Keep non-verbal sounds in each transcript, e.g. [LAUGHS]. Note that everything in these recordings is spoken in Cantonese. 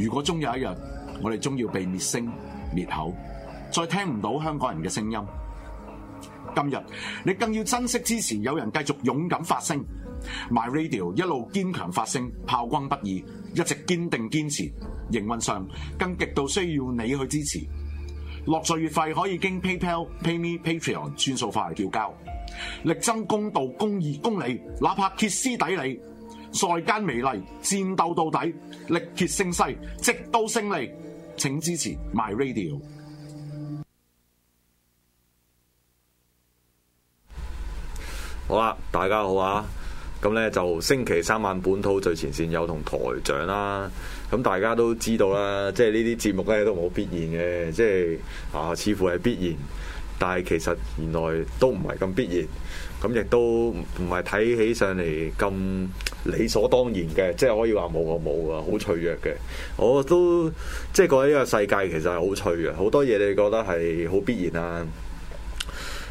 如果終有一日，我哋終要被滅聲滅口，再聽唔到香港人嘅聲音。今日你更要珍惜支持有人繼續勇敢發聲。MyRadio 一路堅強發聲，炮轟不已，一直堅定堅持。營運上更極度需要你去支持。落稅月費可以經 PayPal、PayMe、Patreon 轉數化嚟繳交。力爭公道、公義、公理，哪怕歇斯底里。在間美嚟，戰鬥到底，力竭聲勢，直到勝利，請支持 My Radio。好啦，大家好啊，咁咧就星期三晚本土最前線有同台長啦。咁大家都知道啦，即係呢啲節目咧都冇必然嘅，即係啊，似乎係必然，但係其實原來都唔係咁必然，咁亦都唔係睇起上嚟咁。理所當然嘅，即係可以話冇就冇啊，好脆弱嘅。我都即係覺得呢個世界其實係好脆弱，好多嘢你覺得係好必然啊。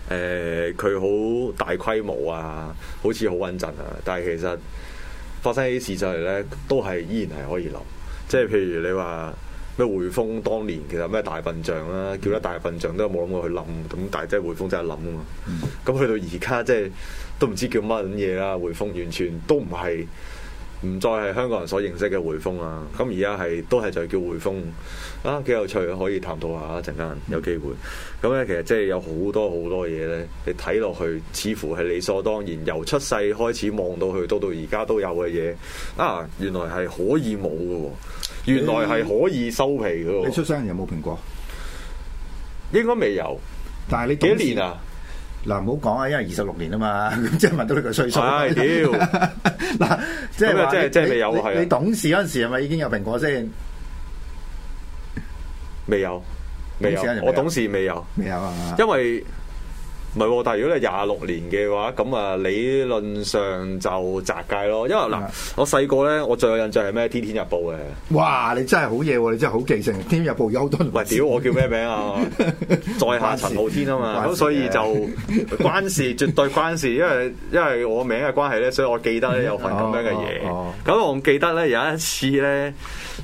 誒、呃，佢好大規模啊，好似好穩陣啊，但係其實發生啲事就嚟呢，都係依然係可以諗。即係譬如你話。咩匯豐當年其實咩大笨象啦，叫得大笨象都冇諗過去冧，咁但係即係匯豐真係冧啊嘛！咁去、mm. 到而家即係都唔知叫乜嘢啦，匯豐完全都唔係唔再係香港人所認識嘅匯豐啦。咁而家係都係就叫匯豐啊，幾有趣可以探討一下一陣間有機會。咁咧、mm. 其實即係有好多好多嘢咧，你睇落去似乎係理所當然，由出世開始望到去到到而家都有嘅嘢啊，原來係可以冇嘅喎。原來係可以收皮㗎。你出生有冇蘋果？應該未有。但係你幾年啊？嗱，唔好講啊，因為二十六年啊嘛，咁即係問到你個歲數。屌！ [LAUGHS] [LAUGHS] 嗱， [LAUGHS] 即係即係即係未有係 [LAUGHS] 你懂事嗰陣時係咪已經有蘋果先？未有，未有。董未有我懂事未有，未有啊，因為。唔係，但係如果你廿六年嘅話，咁啊理論上就窄界咯。因為嗱，我細個咧，我最有印象係咩《天天日報》嘅。哇，你真係好嘢，你真係好記性。《天天日報》有好喂，屌我叫咩名啊？ [LAUGHS] 在下陳浩天啊嘛，咁事所以就關事，關事，絕對關事。因為因為我名嘅關係咧，所以我記得咧有份咁樣嘅嘢。咁、哦哦、我記得咧有一次咧，誒、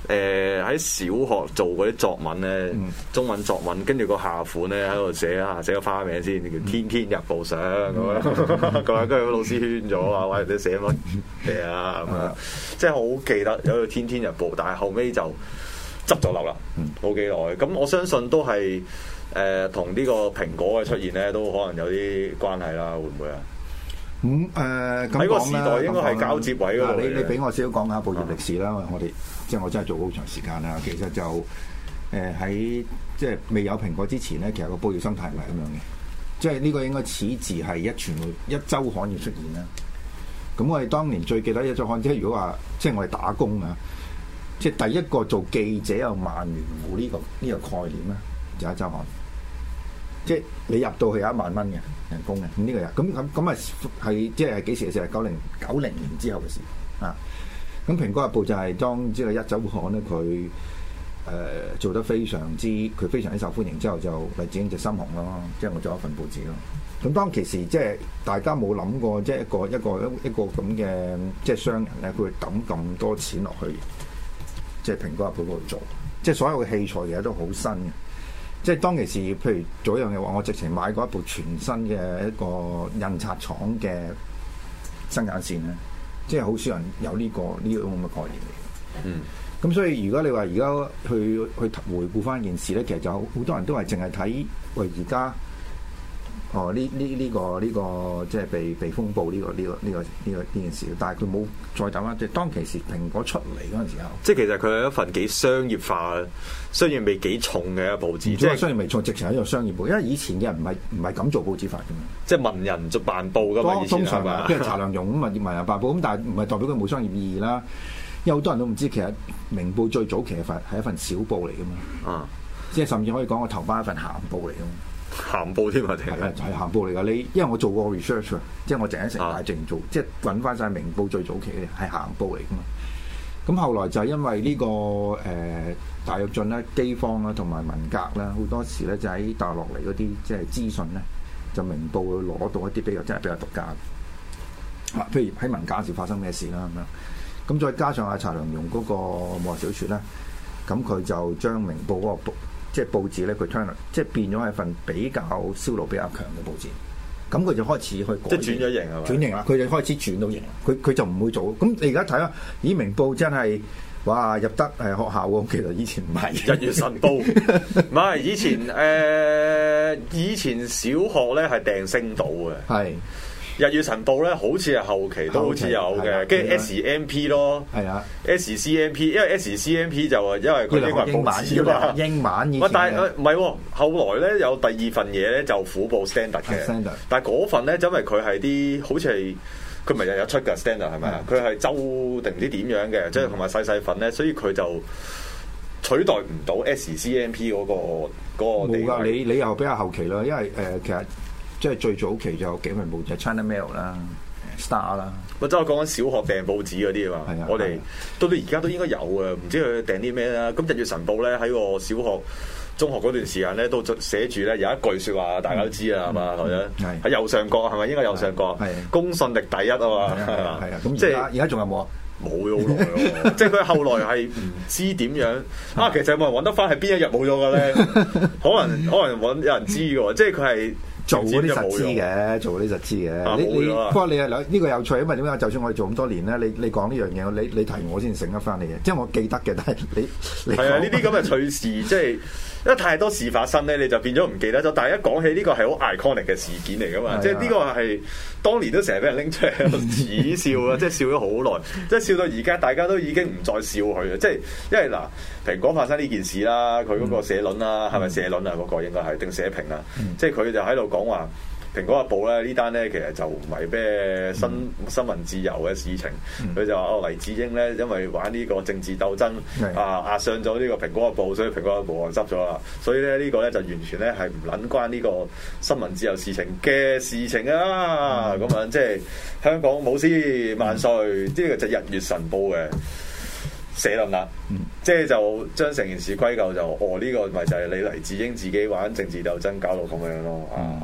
呃、喺小學做嗰啲作文咧，中文作文，跟住、嗯、個下款咧喺度寫啊，寫個花名先。叫天天日報上。咁啊，各位跟住老師圈咗啊，或者寫乜嘢？啊，咁啊，即係好記得有個《天天日報》，但係後尾就執咗笠啦。嗯，冇幾耐。咁我相信都係誒，同呢個蘋果嘅出現咧，都可能有啲關係啦。會唔會啊？咁誒，喺個時代應該係交接位噶。你你俾我少少講下報業歷史啦。我哋即係我真係做好長時間啦。其實就誒喺即係未有蘋果之前咧，其實個報業生態係咁樣嘅。即係呢個應該始自係一傳一週刊要出現啦。咁我哋當年最記得一週刊，即係如果話即係我哋打工啊，即係第一個做記者有萬元戶呢、呢個呢、呢個概念啦，有、就係、一週刊。即係你入到去有一萬蚊嘅人工嘅，呢、呢個又咁咁咁啊係即係幾時嘅時候？九零九零年之後嘅事啊。咁《蘋果日報》就係當即係一週刊咧，佢。誒、呃、做得非常之，佢非常之受歡迎之後，就黎智英就心紅咯，即係我做一份報紙咯。咁當其時，即係大家冇諗過，即係一個一個一個咁嘅即係商人咧，佢會抌咁多錢落去，即係蘋果入去嗰度做，即係所有嘅器材其實都好新嘅。即係當其時，譬如做一樣嘢話，我直情買過一部全新嘅一個印刷廠嘅生產線咧，即係好少人有呢、呢個呢種咁嘅概念嚟嗯。咁、嗯、所以如果你話而家去去回顧翻件事咧，其實就好多人都係淨係睇喂而家哦呢呢呢個呢、這個、這個、即係被被風暴呢、這個呢、這個呢、這個呢個呢件事，但係佢冇再諗一即係當其時蘋果出嚟嗰陣時候。即係其實佢係一份幾商業化、商業味幾重嘅一報紙，即係商業味重，直情係一個商業報，因為以前嘅人唔係唔係咁做報紙法嘅，即係文人做辦報咁。前通常譬如查良鏞咁啊，要 [LAUGHS] 文人辦報咁，但係唔係代表佢冇商業意義啦。有好多人都唔知，其實《明報》最早期嘅份係一份小報嚟噶嘛，啊、即係甚至可以講我頭班一份鹹報嚟噶。鹹，鹹報添啊，係啊，就係鹹報嚟噶。你因為我做過 research 即係我整一成大整做，啊、即係揾翻晒《明報》最早期嘅係鹹報嚟噶嘛。咁後來就係因為呢、呢個誒、呃、大躍進啦、饑荒啦、同埋文革啦，好多時咧就喺大陸嚟嗰啲即係資訊咧，就《明報》會攞到一啲比較真係比較獨家，譬如喺文革時發生咩事啦咁樣。咁再加上阿查良鏞嗰個幕小説，咧，咁佢就將明報嗰個報即係報紙咧，佢 turn 即係變咗係份比較銷路比較強嘅報紙。咁佢就開始去即係轉咗型係嘛？轉型啦，佢的就開始轉到型。佢佢的就唔會做。咁你而家睇下，咦？明報真係哇入得誒學校喎！其實以前唔係日月神報，唔係 [LAUGHS] 以前誒、呃、以前小學咧係訂星島嘅，係。日月晨報咧，好似係後期都好似有嘅，跟住 S, 的 S, S M P 咯，係啊 S C M P，因為 S C M P 就啊，因為佢呢啲係報紙啊嘛，越越英文而，但係唔係，後來咧有第二份嘢咧就《虎報 Standard》嘅，standard, 但係嗰份咧，因為佢係啲好似係佢咪日日出嘅 Standard 係咪啊？佢係周定唔知點樣嘅，即係同埋細細份咧，所以佢就取代唔到 S C M P 嗰、嗰個個。冇㗎，你你，你又比較後期啦，因為誒、呃，其實。即係最早期就有幾份報紙就《China Mail》啦，《Star》啦。或者我講緊小學訂報紙嗰啲啊嘛。係啊，我哋到到而家都應該有嘅，唔知佢訂啲咩啦。咁《日月神報》呢咧喺我小學、中學嗰段時間咧都寫住咧有一句説話，大家都知啊嘛，係咪啊？係喺吧是右上角，係咪應該右上角？係是公信力第一啊嘛。係啊，咁即係而家仲有冇啊？冇咗好耐咯。即係佢後來係唔知點樣啊？其實有冇人揾得翻係邊一日冇咗嘅咧？可能可能揾有人知嘅，即係佢係。做嗰啲實知嘅，做嗰啲實知嘅，你你，不過你係諗呢個有趣，因為點解？就算我哋做咁多年咧，你你講呢樣嘢，你你提我先醒得翻嚟嘅，即係我記得嘅。但係你係啊，呢啲咁嘅趣事，即係因為太多事發生咧，你就變咗唔記得咗。但係一講起呢個係好 iconic 嘅事件嚟嘅嘛，即係呢個係當年都成日俾人拎出嚟喺度恥笑啊，即係笑咗好耐，即係笑到而家大家都已經唔再笑佢啊！即係因為嗱，蘋果發生呢件事啦，佢嗰個社論啦，係咪社論啊？嗰個應該係定社評啊？即係佢就喺度。講話蘋果日報咧，呢單咧，其實就唔係咩新、嗯、新聞自由嘅事情，佢就話啊，黎智英咧，因為玩呢個政治鬥爭的啊，壓上咗呢個蘋果日報，所以蘋果日報就執咗啦。所以咧，呢個咧，就完全咧係唔撚關呢個新聞自由事情嘅事情啊，咁、嗯、樣即係、就是、香港武師萬歲，呢個就日月神報嘅。社論啦，即係就將成件事歸咎就哦呢、這個咪就係你黎智英自己玩政治鬥爭搞到咁樣咯啊，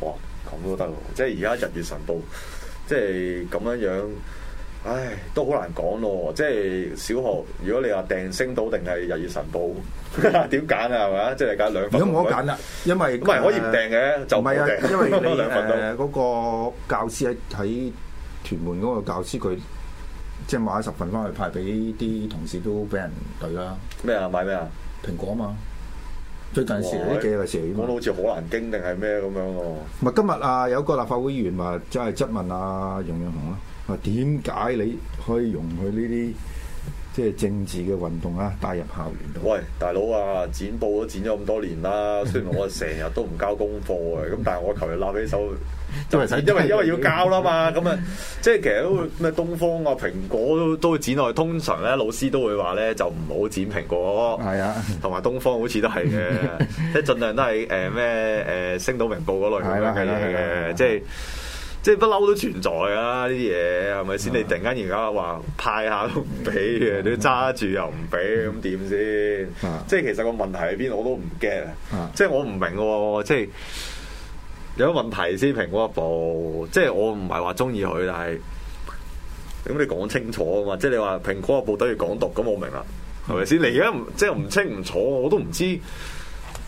哇，咁都得，即係而家日月神報，即係咁樣樣，唉，都好難講咯。即係小學，如果你話訂星島定係日月神報，點揀啊係咪？即係揀兩份。咁、就是、我揀啦，因為唔係可以唔訂嘅，啊、就唔訂、啊，因為誒嗰 [LAUGHS] 分都、啊那個教師喺喺屯門嗰個教師佢。即係買十份翻去派俾啲同事都俾人攰啦。咩啊？買咩啊？蘋果啊嘛。最近時，時，呢幾日時，我覺得好似好難經定係咩咁樣喎。唔、哦、今日啊，有個立法會議員話真係質問阿楊潤雄啦、啊。話點解你可以容許呢啲即係政治嘅運動啊帶入校園度？喂，大佬啊，剪報都剪咗咁多年啦、啊，雖然我成日都唔交功課嘅，咁 [LAUGHS] 但係我尋日攬起手。因為 [MUSIC] 因為要交啦嘛，咁啊，即係其實都咩東方啊蘋果都都會剪落去。通常咧老師都會話咧就唔好剪蘋果，係啊，同 [NOISE] 埋樂東方好似都係嘅，即係盡量都係誒咩誒星島明報嗰類咁樣嘅嘢嘅，即係即係不嬲都存在啊呢啲嘢係咪先？你突然間而家話派下都唔俾嘅，你揸住又唔俾，咁點先？即係其實個問題喺邊，我都唔 get 即係我唔明喎，即係。有個問題先，蘋果部即係我唔係話中意佢，但係咁你講清楚啊嘛！即係你話蘋果部都要講獨咁，我明啦，係咪先？你而家即係唔清唔楚，我都唔知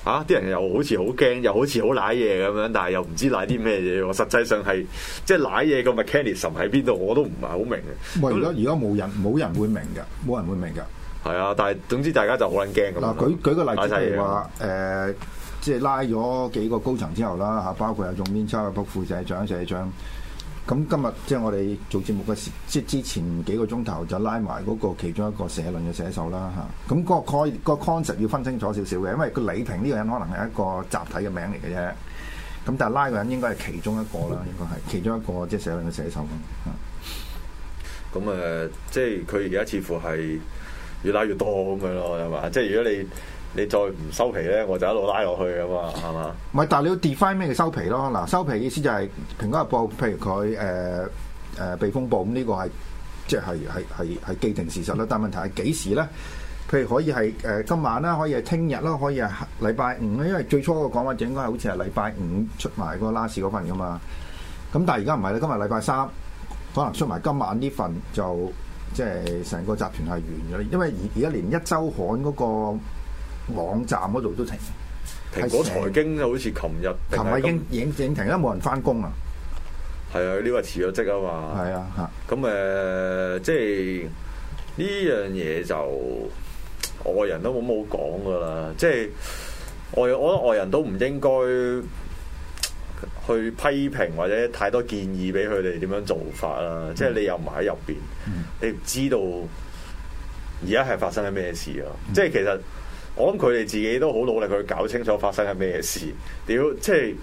啊！啲人又好似好驚，又好似好瀨嘢咁樣，但係又唔知瀨啲咩嘢喎。實際上係即係瀨嘢個 mechanism 喺邊度？我都唔係好明嘅。咁而家而家冇人冇人會明嘅，冇人會明嘅。係啊，但係總之大家就好撚驚咁。嗱、呃，舉舉個例子係話誒。即係拉咗幾個高層之後啦嚇，包括有仲邊差嘅卜副社長社長。咁今日即係我哋做節目嘅時，即係之前幾個鐘頭就拉埋嗰個其中一個社論嘅寫手啦嚇。咁個概個 concept 要分清楚少少嘅，因為個李平呢個人可能係一個集體嘅名嚟嘅啫。咁但係拉嘅人應該係其中一個啦，應該係其中一個即係社論嘅寫手咯，咁誒，即係佢而家似乎係越拉越多咁樣咯，係嘛？即係如果你你再唔收皮咧，我就一路拉落去啊嘛，係嘛？唔係，但係你要 define 咩嘅收皮咯嗱。收皮意思就係蘋果日報，譬如佢誒誒被封報咁，呢、呃呃這個係即係係係係既定事實啦。但係問題係幾時咧？譬如可以係誒今晚啦，可以係聽日啦，可以係禮拜五啦。因為最初個講話就應該係好似係禮拜五出埋嗰個 last 嗰份噶嘛。咁但係而家唔係啦，今日禮拜三可能出埋今晚呢份就即係成個集團係完咗，因為而而家連一週刊嗰、那個。網站嗰度都停，蘋果財經又好似琴日，琴日已經影影停啦，冇人翻工啊。係啊，呢個辭咗職啊嘛？係啊，吓。咁誒，即係呢樣嘢就外人都冇冇講噶啦。即係我我覺得外人都唔應該去批評或者太多建議俾佢哋點樣做法啦。嗯、即係你又唔喺入邊，嗯、你唔知道而家係發生緊咩事咯。即係是 其實。我諗佢哋自己都好努力，去搞清楚發生緊咩事。屌，即係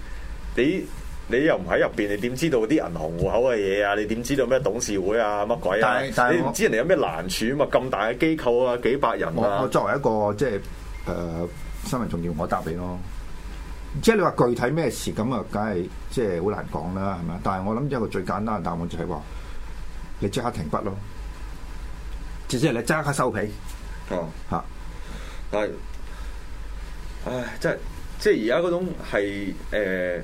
你你又唔喺入邊，你點知道啲銀行戶口嘅嘢啊？你點知道咩董事會啊乜鬼啊？你唔知人哋有咩難處啊嘛！咁大嘅機構啊，幾百人啊。我，我作為一個即係誒、呃，新聞仲要，我答你咯。即係你話具體咩事咁啊？梗係即係好難講啦，係咪？但係我諗一個最簡單嘅答案就係話，你即刻停筆咯。即係你即刻收皮哦吓。嗯啊係，唉，即係即係而家嗰種係誒、呃，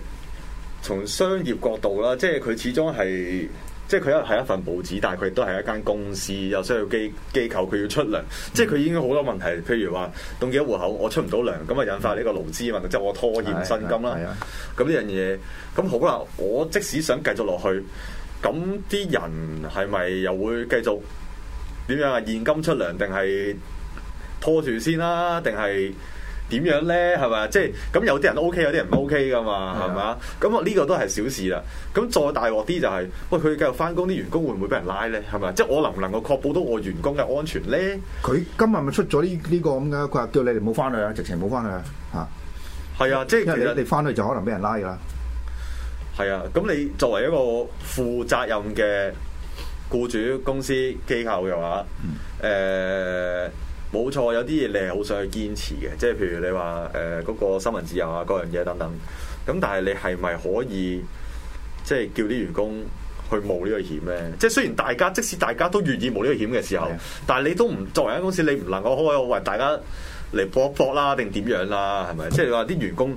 從商業角度啦，即係佢始終係，即係佢一係一份報紙，但係佢都係一間公司，又需要機機構佢要出糧，即係佢已經好多問題，譬如話凍幾多戶口，我出唔到糧，咁啊引發呢個勞資問題，即係我拖欠薪金啦。係啊。咁呢樣嘢，咁好啦，我即使想繼續落去，咁啲人係咪又會繼續點樣啊？現金出糧定係？拖住先啦，定係點樣咧？係咪即係咁，有啲人都 OK，有啲人唔 OK 噶嘛？係咪啊？咁我呢個都係小事啦。咁再大鑊啲就係、是，喂，佢繼續翻工，啲員工會唔會俾人拉咧？係咪即係我能唔能夠確保到我員工嘅安全咧？佢今日咪出咗呢呢個咁嘅，佢話叫你哋唔好翻去啦，直情冇翻去啦。吓，係啊，即係、啊就是、其實你翻去就可能俾人拉噶啦。係啊，咁你作為一個負責任嘅雇主、公司、機構嘅話，誒、嗯。呃冇錯，有啲嘢你係好想去堅持嘅，即係譬如你話誒嗰個新聞自由啊，各樣嘢等等。咁但係你係咪可以即係叫啲員工去冒呢個險咧？即係雖然大家即使大家都願意冒呢個險嘅時候，但係你都唔作為一間公司，你唔能夠開口話大家嚟搏一搏啦，定點樣啦？係咪？即係話啲員工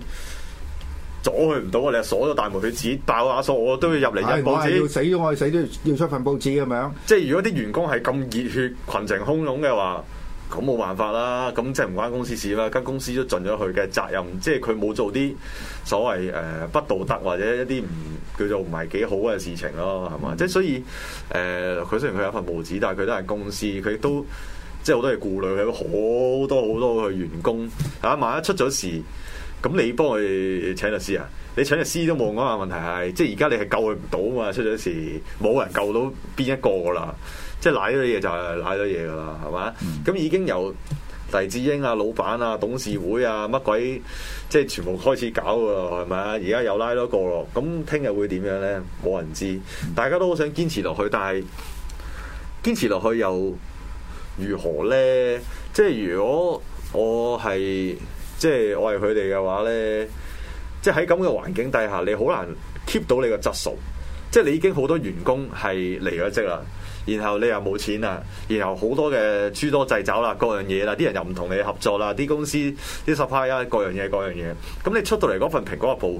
阻佢唔到，我你鎖咗大門，佢只爆下鎖，我都要入嚟印報紙，死咗我死都要出份報紙咁樣。即係如果啲員工係咁熱血、群情洶湧嘅話。咁冇辦法啦，咁即係唔關公司事啦，間公司都盡咗佢嘅責任，即係佢冇做啲所謂誒、呃、不道德或者一啲唔叫做唔係幾好嘅事情咯，係嘛？即係所以誒，佢、呃、雖然佢有份報紙，但係佢都係公司，佢都即係好多嘢顧慮，佢好多好多嘅員工呀，萬一出咗事，咁你幫佢請律師啊？你請律師都冇啱啊！問題係即係而家你係救佢唔到啊嘛，出咗事冇人救到邊一個啦～即係拉咗嘢就係拉咗嘢噶啦，係嘛？咁、嗯、已經由黎智英啊、老闆啊、董事會啊，乜鬼即係全部開始搞噶啦，係咪啊？而家又拉多個咯，咁聽日會點樣咧？冇人知，大家都好想堅持落去，但係堅持落去又如何咧？即係如果我係即係我係佢哋嘅話咧，即係喺咁嘅環境底下，你好難 keep 到你個質素，即係你已經好多員工係離咗職啦。然後你又冇錢啦，然後好多嘅諸多掣肘啦，各樣嘢啦，啲人又唔同你合作啦，啲公司啲 s u p p 十派啊，各樣嘢，各樣嘢。咁你出到嚟嗰份蘋果日報，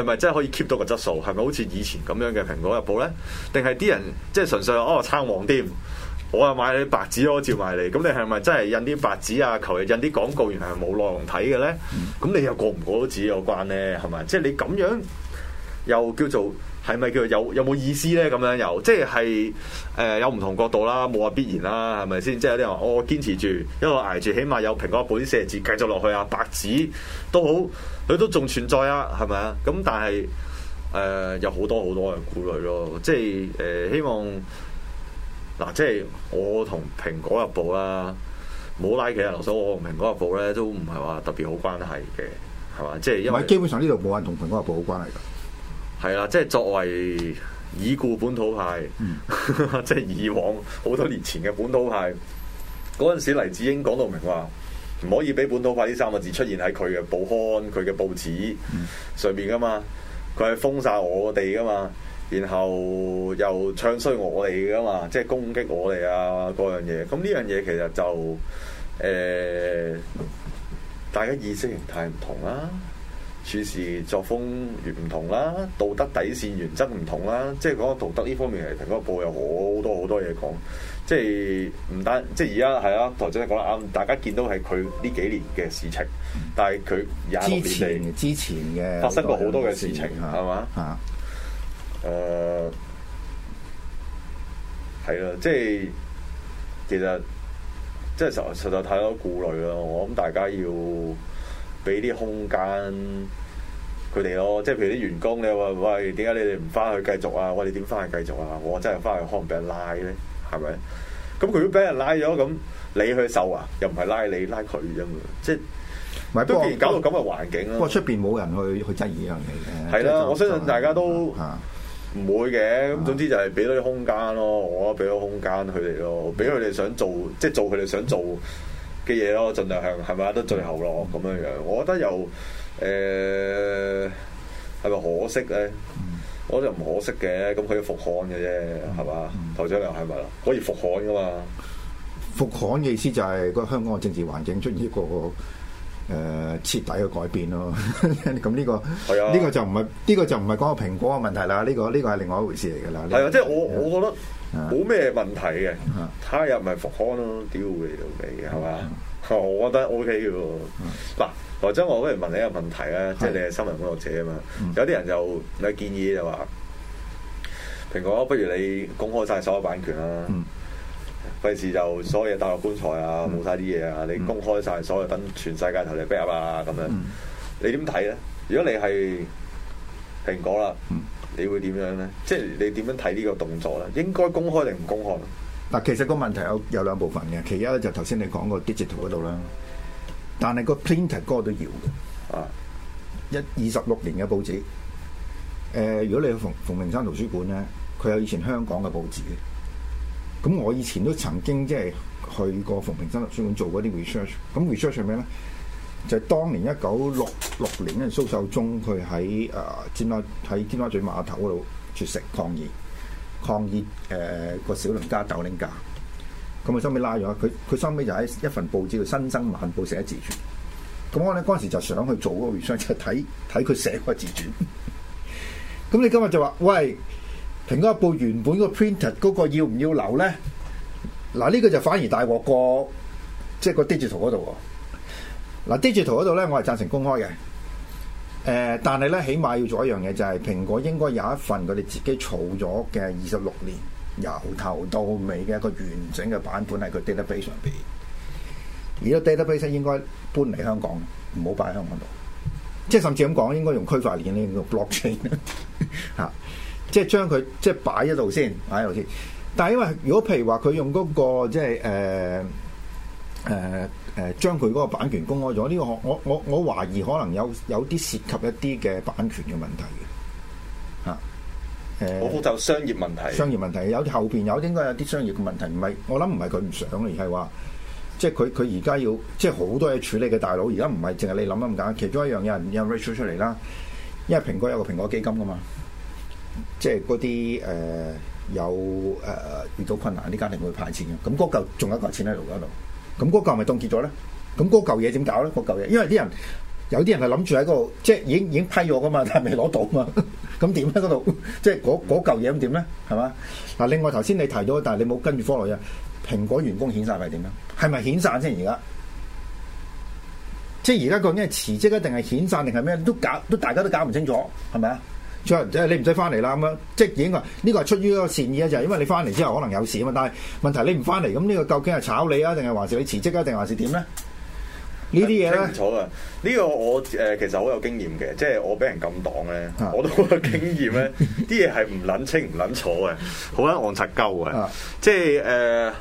係咪真係可以 keep 到個質素？係咪好似以前咁樣嘅蘋果日報咧？定係啲人即係純粹哦撐旺店，我啊買啲白紙咯，照埋嚟。咁你係咪真係印啲白紙啊？求其印啲廣告，原來係冇內容睇嘅咧？咁、嗯、你又過唔過到自己有關咧？係咪？即係你咁樣又叫做？係咪叫有有冇意思咧？咁樣又即係誒、呃，有唔同角度啦，冇話必然啦，係咪先？即係有啲人話我堅持住，因為我挨住，起碼有蘋果本寫字繼續落去啊，白紙都好佢都仲存在啊，係咪啊？咁但係誒、呃，有好多好多嘅顧慮咯，即係誒、呃，希望嗱，即係我同蘋果日報啦，冇拉其啊，劉嫂、like，嗯、我同蘋果日報咧都唔係話特別好關係嘅，係嘛？即係因為基本上呢度冇人同蘋果日報好關係。係啦，即係作為已故本土派，嗯、 [LAUGHS] 即係以往好多年前嘅本土派，嗰陣時黎智英講到明話，唔可以俾本土派呢三個字出現喺佢嘅報刊、佢嘅報紙上面噶嘛，佢係封晒我哋噶嘛，然後又唱衰我哋噶嘛，即係攻擊我哋啊嗰樣嘢，咁呢樣嘢其實就誒、呃，大家意識形態唔同啦、啊。處事作風唔同啦，道德底線原則唔同啦，即係嗰個道德呢方面係同嗰個報有好多好多嘢講，即係唔單即係而家係啊台長講得啱，大家見到係佢呢幾年嘅事情，但係佢廿六年之前嘅發生過好多嘅事情，係嘛？嚇，誒係啦，即係其實即係實實在太多顧慮啦，我諗大家要俾啲空間。佢哋咯，即係譬如啲員工，你話喂點解你哋唔返去繼續啊？我哋點返去繼續啊？我真係返去可能俾人拉咧，係咪？咁佢都俾人拉咗，咁你去受啊？又唔係拉你，拉佢啫嘛？即係，唔係都既然搞到咁嘅環境，啊，不過，出邊冇人去去質疑啊？你係啦，我相信大家都唔會嘅。咁總之就係俾咗啲空間咯，我俾咗空間佢哋咯，俾佢哋想做，即係做佢哋想做。嗯嘅嘢咯，盡量向係咪都最後咯，咁樣樣，我覺得又誒係咪可惜咧？嗯、我就唔可惜嘅，咁佢要復刊嘅啫，係、嗯、嘛？頭先又係咪啦？可以復刊噶嘛？復刊嘅意思就係、是、個香港嘅政治環境出現一個誒、呃、徹底嘅改變咯。咁 [LAUGHS] 呢、嗯這個呢、啊、個就唔係呢個就唔係講個、這個、蘋果嘅問題啦。呢、這個呢、這個係、這個、另外一回事嚟㗎啦。係啊，即係我我覺得。です冇咩問題嘅，他日咪復刊咯，屌你老味，係嘛、哦？我覺得 O K 嘅喎。嗱，羅真，我不如問你一個問題啦，的即係你係新聞工作者啊嘛。嗯、有啲人就你建議就話，蘋果不如你公開晒所有版權啦，費事就所有嘢帶落棺材啊，冇晒啲嘢啊，你公開晒所有，等全世界投嚟逼入啊，咁樣。你點睇咧？如果你係？蘋果啦，嗯，你會點樣咧？即係你點樣睇呢個動作咧？應該公開定唔公開？嗱，其實個問題有有兩部分嘅，其一咧就頭先你講個 digital 嗰度啦，但係個 print 嗰都要嘅啊，一二十六年嘅報紙。誒、呃，如果你去馮馮平山圖書館咧，佢有以前香港嘅報紙嘅。咁我以前都曾經即係去過馮平山圖書館做過啲 research，咁 research 係咩咧？就係當年一九六六年，呢蘇秀忠佢喺誒尖沙喺尖沙咀碼頭嗰度絕食抗議，抗議誒、呃那個小輪加斗零價，咁佢收尾拉咗佢，佢收尾就喺一份報紙度新生晚報寫自傳。咁我咧嗰陣時就想去做嗰個 research，就睇睇佢寫個自傳。咁 [LAUGHS] 你今日就話喂，《蘋果報》原本個 print 嗰個要唔要留咧？嗱，呢個就反而大鑊過，即、就、係、是、個 digital 嗰度喎。嗱 digital 嗰度咧，我係贊成公開嘅。誒、呃，但係咧，起碼要做一樣嘢，就係，就係蘋果應該有一份佢哋自己儲咗嘅二十六年由頭到尾嘅一個完整嘅版本喺佢 database 上邊。而個 database 應該搬離香港，唔好擺喺香港度。即係甚至咁講，應該用區塊鏈呢個 blockchain 嚇， [LAUGHS] 即係將佢即係擺喺度先，擺喺度先。但係因為如果譬如話佢用嗰，嗰個即係誒誒。呃呃誒將佢嗰個版權公開咗，呢個我我我我懷疑可能有有啲涉及一啲嘅版權嘅問題嘅嚇誒，就、啊、商業問題。商業問題有啲後邊有應該有啲商業嘅問題，唔係我諗唔係佢唔想，而係話即係佢佢而家要即係好多嘢處理嘅大佬，而家唔係淨係你諗得咁簡單，其中一樣有人有 raise 出嚟啦，因為蘋果有個蘋果基金㗎嘛，即係嗰啲誒有誒、呃、遇到困難啲家庭會派錢嘅，咁嗰嚿仲有一嚿錢喺度度。咁嗰嚿咪凍結咗咧？咁嗰嚿嘢點搞咧？嗰嚿嘢，因為啲人有啲人係諗住喺嗰度，即係已經已經批咗噶嘛，但係未攞到嘛。咁點咧嗰度？即係嗰嗰嚿嘢點咧？係嘛？嗱，另外頭先你提咗，但係你冇跟住 follow 嘅。蘋果員工遣散係點樣？係咪遣散先？而家即係而家個咩辭職一定係遣散定係咩？都搞都大家都搞唔清楚，係咪啊？即係你唔使翻嚟啦，咁樣即係已經話呢個係出於一個善意啊，就係因為你翻嚟之後可能有事啊嘛。但係問題你唔翻嚟，咁呢個究竟係炒你啊，定係還是你辭職啊，定還是點咧？呢啲嘢咧，清楚啊？呢、呢個我誒、呃、其實好有經驗嘅，即係我俾人咁擋咧，啊、我都好有經驗咧，啲嘢係唔撚清唔撚楚嘅，好撚戇柒鳩嘅，啊、即係誒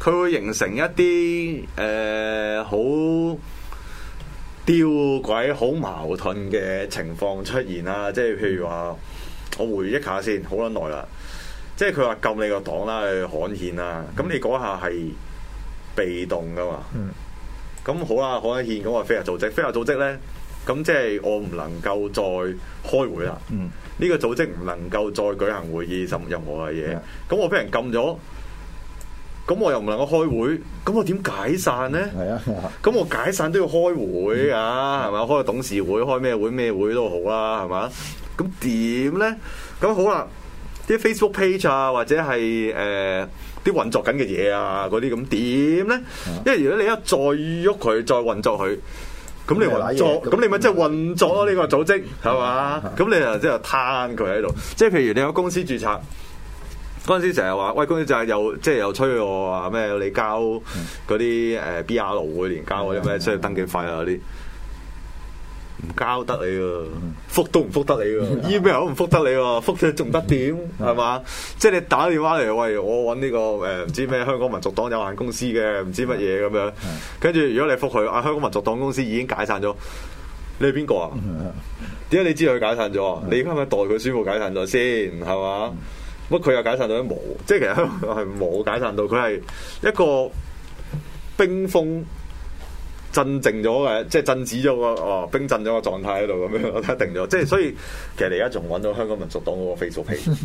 佢會形成一啲誒好。呃吊詭好矛盾嘅情況出現啦，即係譬如話，我回憶下先，好撚耐啦。即係佢話撳你個黨啦，去刊憲啦，咁你嗰下係被動噶嘛？嗯。咁好啦，刊憲咁話非法組織，非法組織咧，咁即係我唔能夠再開會啦。嗯。呢個組織唔能夠再舉行會議，甚任何嘅嘢。咁我俾人撳咗。咁我又唔能夠開會，咁我點解散咧？係啊，咁我解散都要開會啊，係咪？開個董事會，開咩會咩會都好啦，係嘛？咁點咧？咁好啦，啲 Facebook page 啊，或者係誒啲運作緊嘅嘢啊，嗰啲咁點咧？ [LAUGHS] 因為如果你一再喐佢，再運作佢，咁你運作，咁你咪即係運作咯呢個組織，係嘛？咁 [LAUGHS] 你就即係攤佢喺度，即係譬如你有公司注冊。嗰陣時成日話喂，公司就係又即係又催我話咩？你交嗰啲誒 BR 嗰啲年交嗰啲咩？即係登記費啊嗰啲，唔交得你嘅，覆都唔覆得你嘅，email 都唔覆得你嘅，覆佢仲得點係嘛？ [LAUGHS] 即係你打電話嚟喂，我搵呢、這個誒唔、呃、知咩香港民族黨有限公司嘅，唔知乜嘢咁樣。跟住如果你覆佢，啊香港民族黨公司已經解散咗，你係邊個啊？點解你知道佢解散咗？你係咪代佢宣布解散咗先？係嘛？乜佢又解散到冇？即係其實香港係冇解散到，佢係一個冰封鎮靜咗嘅，即係鎮止咗個哦冰鎮咗個狀態喺度咁樣，我睇定咗。即係所以其實你而家仲揾到香港民族黨嗰個 Facebook page，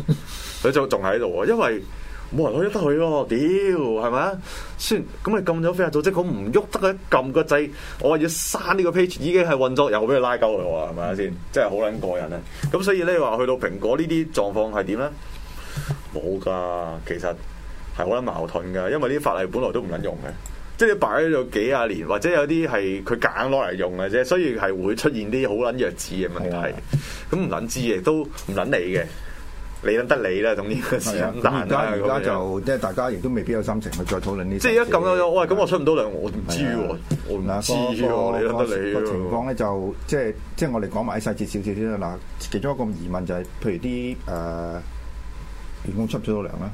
佢就仲喺度。因為冇人可攞得佢喎，屌係咪啊？算咁咪撳咗非法組織，佢唔喐得佢撳個掣，我話要刪呢個 page，已經係運作有俾佢拉鳩佢話，係咪先？即係好撚過癮啊！咁所以咧話去到蘋果狀況呢啲狀況係點咧？冇噶，其實係好捻矛盾噶，因為啲法例本來都唔捻用嘅，即係擺咗有幾廿年，或者有啲係佢硬攞嚟用嘅啫，所以係會出現啲好捻弱智嘅問題。咁唔捻知亦都唔捻你嘅，你捻得你啦，咁呢個事咁難。而家而家就即係大家亦都未必有心情去再討論呢。即係一咁樣，我咁的、哎、我出唔到嚟，我唔知喎，的我唔知喎，你捻得你嘅情況咧，就即係即係我哋講埋啲細節少少先啦。嗱，其中一個疑問就係、是，譬如啲誒。員工出咗多糧啦，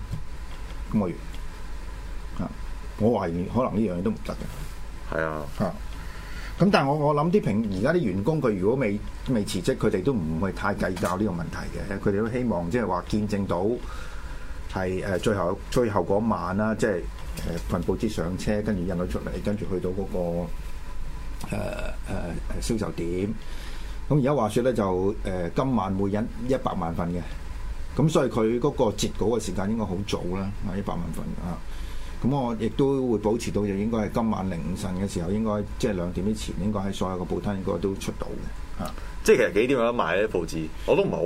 五個月啊！我懷疑可能呢樣嘢都唔得嘅，係啊，啊！咁但係我我諗啲平而家啲員工佢如果未未辭職，佢哋都唔會太計較呢個問題嘅。佢哋都希望即係話見證到係誒最後最後嗰晚啦、啊，即係誒份報紙上車，跟住印咗出嚟，跟住去到嗰、那個誒誒、呃呃、銷售點。咁而家話說咧，就誒、呃、今晚會印一百萬份嘅。咁所以佢嗰個截稿嘅時間應該好早啦，一百萬份啊。咁我亦都會保持到，就應該，係今晚凌晨嘅時候，應該即係兩點之前，應該，喺所有嘅報攤應該都出到嘅。啊！即係其實幾點有得賣呢？報紙我都唔係好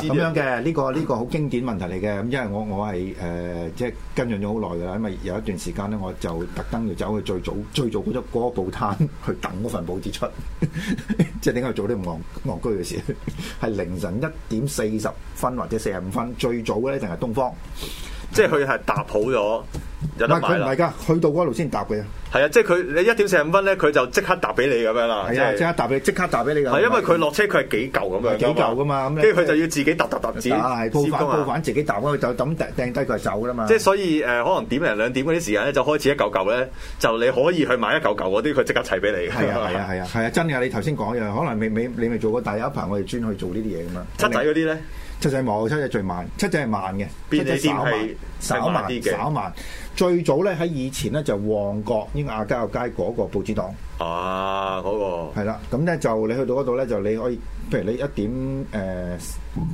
嗱，咁樣嘅呢個呢、呢個好經典問題嚟嘅。咁因為我我係誒、呃、即係跟進咗好耐噶啦，因為有一段時間咧，我就特登要走去最早最早嗰隻嗰個報攤去等嗰份報紙出， [LAUGHS] 即係點解做啲戇戇居嘅事？係凌晨一點四十分或者四十五分最早咧，定係東方？嗯、即係佢係搭好咗。人有得買佢唔係噶，去到嗰度先搭嘅。係啊，即係佢你一點四五分咧，佢就即刻答俾你咁樣啦。係啊，即刻答俾，即刻答俾你噶。係因為佢落車佢係幾嚿咁樣，幾嚿噶嘛。咁跟住佢就要自己搭搭揼，自己施工啊，鋪反自己搭揼啊，就抌掟低佢走走啦嘛。即係所以誒，可能點零兩點嗰啲時間咧，就開始一嚿嚿咧，就你可以去買一嚿嚿嗰啲，佢即刻砌俾你。係啊係啊係啊，係啊真噶！你頭先講嘢，可能未未你未做過，第一排我哋專去做呢啲嘢噶嘛。七仔嗰啲咧。七仔冇，七仔最慢。七仔係慢嘅，七仔稍慢，稍慢，稍慢。最早咧喺以前咧就旺角，應該亞皆老街嗰個報紙檔。啊，嗰個係啦，咁咧就你去到嗰度咧就你可以，譬如你一點誒、呃、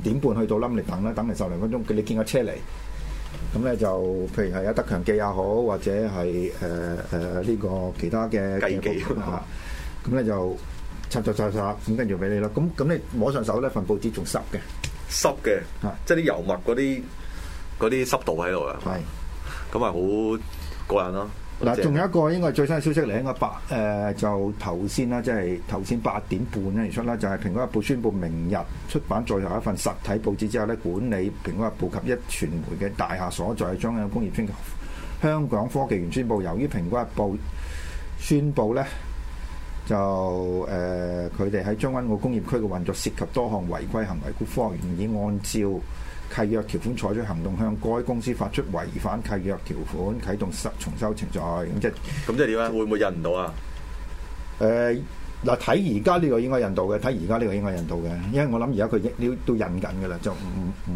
點半去到冧嚟等啦，等你十零分鐘，叫你見架車嚟，咁咧就譬如係阿德強記也好，或者係誒誒呢個其他嘅計記啊，咁咧雞技 就刷刷刷刷，咁跟住俾你啦。咁咁你，你摸上手咧份報紙仲濕嘅。濕嘅，即係啲油墨嗰啲啲濕度喺度啊，咁咪好過癮咯。嗱，仲有一個應該最新嘅消息嚟，應該八，誒，就頭先啦，即係頭先八點半咧而出啦，就係、是《蘋果日報》宣布明日出版最後一份實體報紙之後咧，管理《蘋果日報》及壹傳媒嘅大廈所在將嘅工業邨香港科技園宣布，由於《蘋果日報》宣布咧。就誒，佢哋喺將軍澳工業區嘅運作涉及多項違規行為，故方已按照契約條款採取行動，向該公司發出違反契約條款，啟動重修程序。咁、嗯、即係咁、嗯、 [LAUGHS] 即係點啊？會唔會印唔到啊？誒嗱，睇而家呢個應該印到嘅，睇而家呢個應該印到嘅，因為我諗而家佢應都印引緊嘅啦，就唔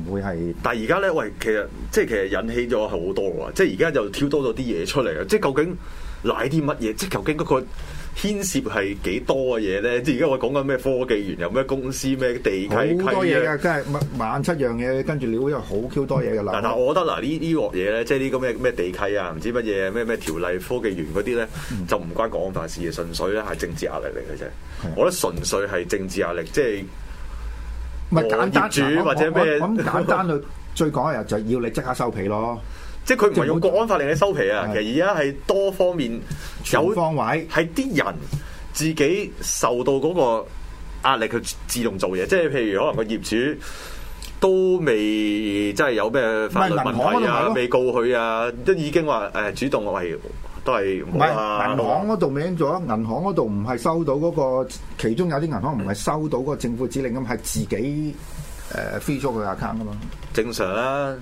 唔會係。但係而家咧，喂，其實即係其實引起咗好多喎，即係而家就挑多咗啲嘢出嚟啊！即係究竟賴啲乜嘢？即係究竟嗰、那個。牽涉係幾多嘅嘢咧？即係而家我講緊咩科技園又咩公司咩地契好多嘢噶，梗係萬七樣嘢，跟住你會有好 Q 多嘢嘅啦。嗱嗱，我覺得嗱呢呢鑊嘢咧，即係呢個咩咩地契啊，唔知乜嘢咩咩條例、科技園嗰啲咧，就唔關國安法事嘅，純粹咧係政治壓力嚟嘅啫。的我覺得純粹係政治壓力，即係咪係簡單，主或者咩咁簡單？ [LAUGHS] 最講嘅又就係要你即刻收皮咯。即係佢唔係用國安法令你收皮啊！的其實而家係多方面。有方位，係啲人自己受到嗰個壓力去自動做嘢，即係譬如可能個業主都未即係有咩法律問題啊，銀行都未告佢啊，都已經話誒、哎、主動係都係唔係銀行嗰度咩咗？銀行嗰度唔係收到嗰、嗰個，其中有啲銀行唔係收到嗰個政府指令咁，係自己誒飛、呃、出個 account 噶嘛？正常啦、啊，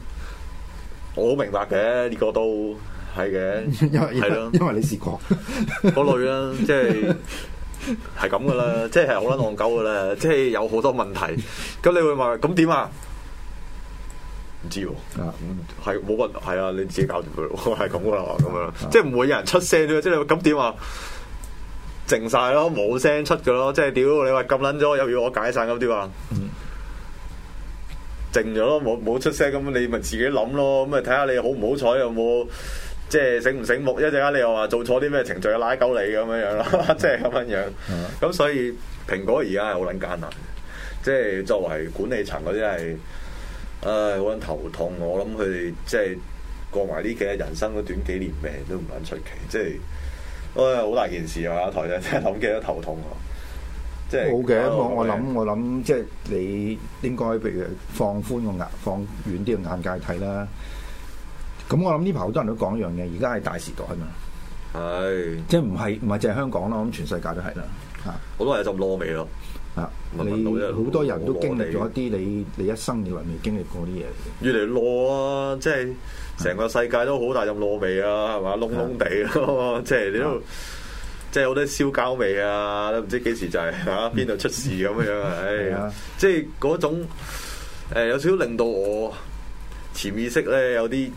我好明白嘅呢、呢個都。係嘅，係咯，因為你試過嗰 [LAUGHS] 類啦，即係係咁噶啦，即係好撚戇鳩噶啦，即係有好多問題。咁你會話，咁點啊？唔知喎，係冇問，係啊，你自己搞掂佢咯，係咁噶啦，咁樣，即係唔會有人出聲嘅，即係咁點啊？靜晒咯，冇聲出嘅咯，即係屌你話咁撚咗，又要我解散咁點啊？靜咗咯，冇冇出聲，咁你咪自己諗咯，咁咪睇下你好唔好彩有冇。即係醒唔醒目，一陣間你又話做錯啲咩程序，拉鳩你咁樣樣咯， [LAUGHS] 即係咁樣樣。咁所以蘋果而家係好撚艱難，即係作為管理層嗰啲係，唉，好撚頭痛。我諗佢哋，即係過埋呢幾日人生嗰短幾年命都唔撚出奇，即係，唉，好大件事啊！台長真係諗幾多頭痛啊！即係好嘅的會。我我諗我諗，即係你應該譬如放寬個眼，放遠啲嘅眼界睇啦。咁我諗呢排好多人都講一樣嘢，而家係大時代啊嘛，係是，即係唔係唔係淨係香港咯，咁全世界都係啦，吓，好多有浸燶味咯，啊，你好多人聞聞多都經歷咗一啲你你一生以來未經歷過啲嘢，越嚟燶啊，即係成個世界都好大浸燶味啊，係嘛？燶燶地咯，即係你都，即係好多燒膠味、就是、啊，唔知幾時就係啊邊度出事咁樣啊，係啊，即係嗰種，誒有少少令到我。潛意識咧有啲誒、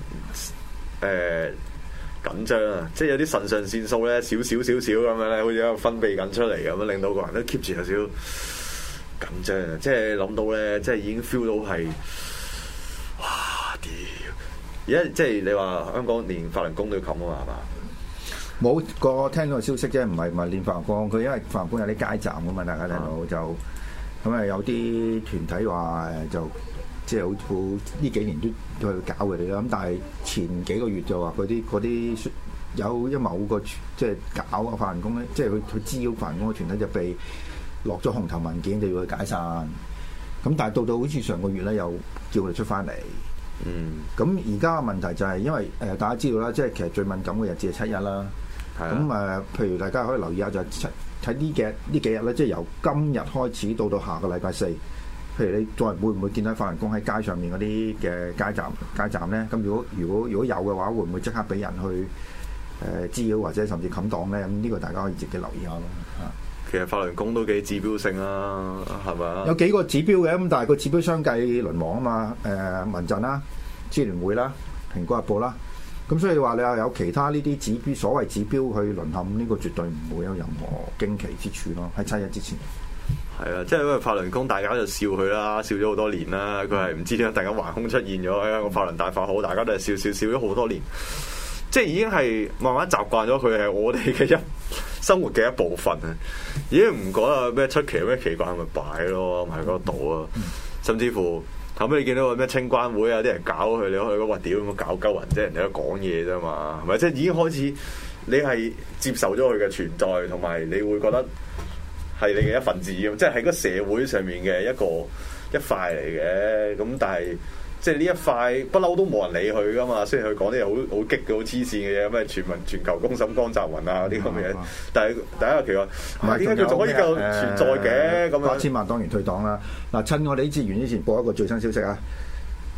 呃、緊張啊，即係有啲腎上腺素咧少少少少咁樣咧，好似喺度分泌緊出嚟咁樣，令到個人都 keep 住有少緊張啊！即係諗到咧，即係已經 feel 到係哇屌！而家即係你話香港連法輪功都要冚啊嘛，係嘛？冇個聽到消息啫，唔係唔係練法輪功，佢因為法輪功有啲街站咁啊，大家聽到就咁啊，嗯、有啲團體話就。即係好好呢幾年都都去搞佢哋啦，咁但係前幾個月就話嗰啲嗰啲有一某個即係、就是、搞法輪功咧，即係佢佢滋擾法輪功嘅團體就被落咗紅頭文件就要佢解散。咁但係到到好似上個月咧又叫佢哋出返嚟。嗯，咁而家嘅問題就係因為誒、呃、大家知道啦，即係其實最敏感嘅日子係七日啦。係咁誒，譬如大家可以留意下就係七睇啲嘅呢幾日咧，即係由今日開始到到下個禮拜四。譬如你再會唔會見到法輪功喺街上面嗰啲嘅街站街站咧？咁如果如果如果有嘅話，會唔會即刻俾人去誒滋擾或者甚至冚檔咧？咁、這、呢個大家可以自己留意下咯。嚇，其實法輪功都幾指標性啦、啊，係咪有幾個指標嘅咁，但係個指標相繼淪亡啊嘛。誒、呃、民陣啦、啊、支聯會啦、啊、蘋果日報啦、啊，咁所以話你又有其他呢啲指標，所謂指標去淪陷，呢、這個絕對唔會有任何驚奇之處咯。喺七日之前。係啦，即係因為法輪功，大家就笑佢啦，笑咗好多年啦。佢係唔知點解，突然間橫空出現咗，一個法輪大法好，大家都係笑笑笑咗好多年。即係已經係慢慢習慣咗，佢係我哋嘅一生活嘅一部分啊。已經唔覺得咩出奇，咩奇怪，咪擺咯，唔嗰度啊。甚至乎後尾你見到個咩清關會啊，啲人搞佢，你去話屌咁搞鳩云啫，人哋喺度講嘢啫嘛，係咪？即係已經開始，你係接受咗佢嘅存在，同埋你會覺得。係你嘅一份子咁，即係喺嗰社會上面嘅一個一塊嚟嘅。咁但係，即係呢一塊不嬲都冇人理佢噶嘛。雖然佢講啲嘢好好激嘅，好黐線嘅嘢，咩全民全球公審江澤民啊呢啲嘢。但係，第一其實唔係點解佢仲可以夠存在嘅咁樣？八、啊呃、千萬黨員退黨啦！嗱，趁我哋呢次完之前播一個最新消息啊！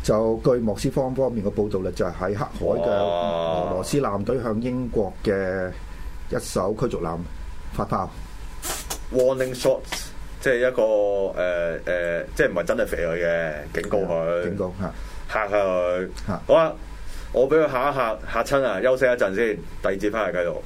就據莫斯科方，方面嘅報導咧，就係、是、喺黑海嘅俄羅斯艦隊向英國嘅一艘驅逐艦發炮。Warning shots，即係一個誒誒、呃呃，即係唔係真係肥佢嘅警告佢，警告嚇嚇佢。是好啦，我俾佢嚇一嚇，嚇親啊，休息一陣先，第二節翻嚟繼續。